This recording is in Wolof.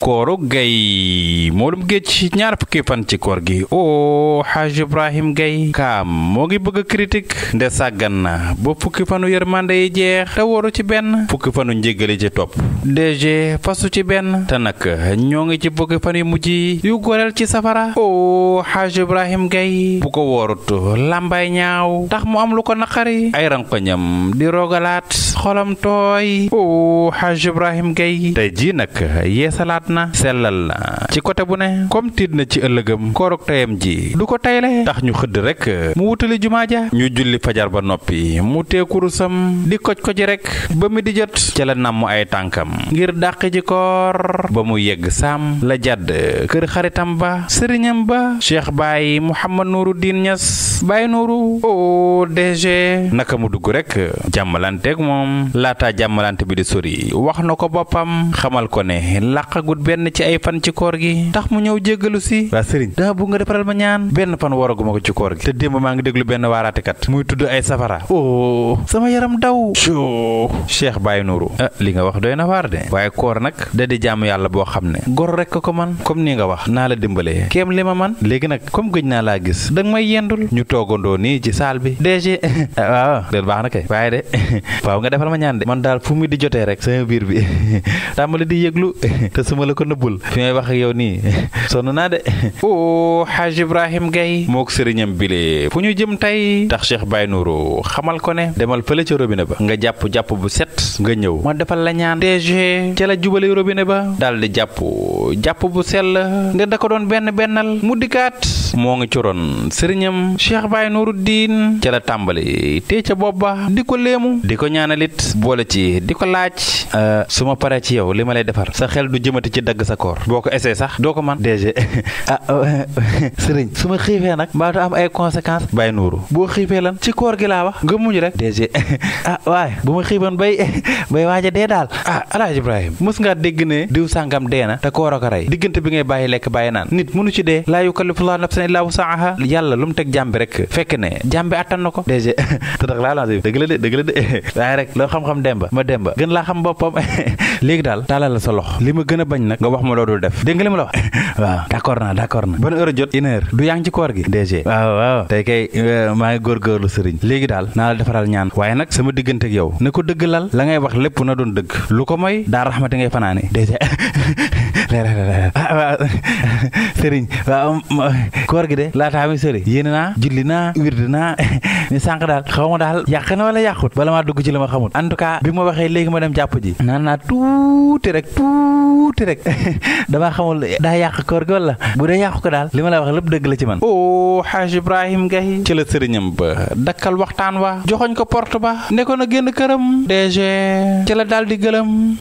koro gay modum ge ci ñaar fukki fan ci Oh gi o haj ibrahim gay kam mo ngi bëgg critique de sagana bo fukki fanu yermande yi jeex ta woru ci ben fukki fanu ci top dg fasu ci ben ta nak ñoo muji ci bëgg fan yi mujji yu goral ci safara o haj ibrahim gay bu ko worut lambay ñaaw tax mu am lu ko naqari ay rang ko di rogalat xolam toy o haj ibrahim gay tay ji nak na selal na ci côté bu ne comme tiit na ci ëllëgam korok tayam ji du ko tayle tax ñu xëdd rek mu wutali juma ja ñu julli fajar ba noppi mu tee kurusam di koj koji rek ba mi di jot ci la nam ay tankam ngir dàq ji koor ba mu yegg sam la jadd kër xaritam ba sëriñam ba cheikh baay muhammad nuruddin ñas baay nuru o dg naka mu dugg rek jàmmalanteeg moom laata jàmmalante bi di sori wax na ko boppam xamal ko ne làqagut benn ci ay fan ci koor gi tax mu ñëw jéggalu si waa sëriñ daa bu nga defaral ma ñaan benn fan waraguma ko ci koor gi te démb maa ngi déglu benn waaraatekat muy tudd ay safara oh sama yaram daw Sheikh cheikh Baye Nourou ah li nga wax doy na waar de waaye koor nag da di jaamu yàlla boo xam ne gor rek ko man comme ni nga wax naa la dimbalee kéem li ma man léegi nag comme gëj naa laa gis da nga may yendul ñu toogandoo nii ci saal bi dg ah, waaw loolu baax na kay waaye de waaw nga defal ma ñaan de man daal fu mu di jotee rek sama biir bi tàmbali di yëglu te suma la ko nëbbul fi may wax ak yow nii sonn naa de o oh, xaaj ibrahim gay mook sëriñam bile fu ñu jëm tey ndax cheikh bay nuuru xamal ko ne demal fële ca robinet ba nga jàpp jàpp bu set nga ñëw ma defal la ñaan DG ca la jubale robinet ba daal di jàpp jàpp bu sel nde da ko doon benn bennal mu dikkaat moo ngi coroon sëriñam cheikh bay nuuru diin ca la tàmbali te ca bopp ba di ko léemu di ko ñaanalit boole ci di ko laaj euh, su ma paree ci yow li ma lay defar ci dagg sa koor boo ko essayé sax doo ko man DG ah oh, sëriñ su ma xiifee nag mbaa du am ay conséquences bàyyi nuuru boo xiifee lan ci koor gi laa wax nga muñ rek DG ah waaye bu ma bay bay waaja dee daal ah alaaj ibrahim mës ngaa dégg ne diw sàngam dee na te koor a ko rey diggante bi ngay bàyyi lekk bàyyi naan nit mënu ci dee laa yukallifullahu nafsan illa wusaaha yàlla lu mu teg jàmbi rek fekk ne jàmbi attan na ko DG te tax laa lancé dëgg la de dëgg la de waaye rek loo xam-xam demba ma demba gën laa xam boppam léegi daal la sa lox li ma gën a bañ nag nga wax ma loo dul def dégg nga la wax waaw d'accord na d'accord na ban heure jot une heure du yaa ngi ci koor gi DG waaw waaw tey kay euh, maa ngi góorgóorlu sëriñ léegi daal naa la defaral ñaan waaye nag sama diggante yow ne ko dëgg lal la ngay wax lépp na doon dëgg lu ko mooy daa raxmati ngay fanaane DG sëriñ waaw koor gi de laataa mi sëriñ yéene naa julli naa wirde naa mais sànq daal xaw ma daal yàq na wala yàqut bala maa dugg ci la ma xamut en tout cas bi ma waxee léegi ma dem jàpp ji naan naa tuuti rek tuuti rek damaa xamul daa yàq koor gi wala bu dee yàqu ko daal li ma la wax lépp dëgg la ci man o oh, xaaj Ibrahim Gaye ci la sëriñam ba dakkal waxtaan wa joxoñ ko porte ba ne a na génn këram DG ci la daal di gëlëm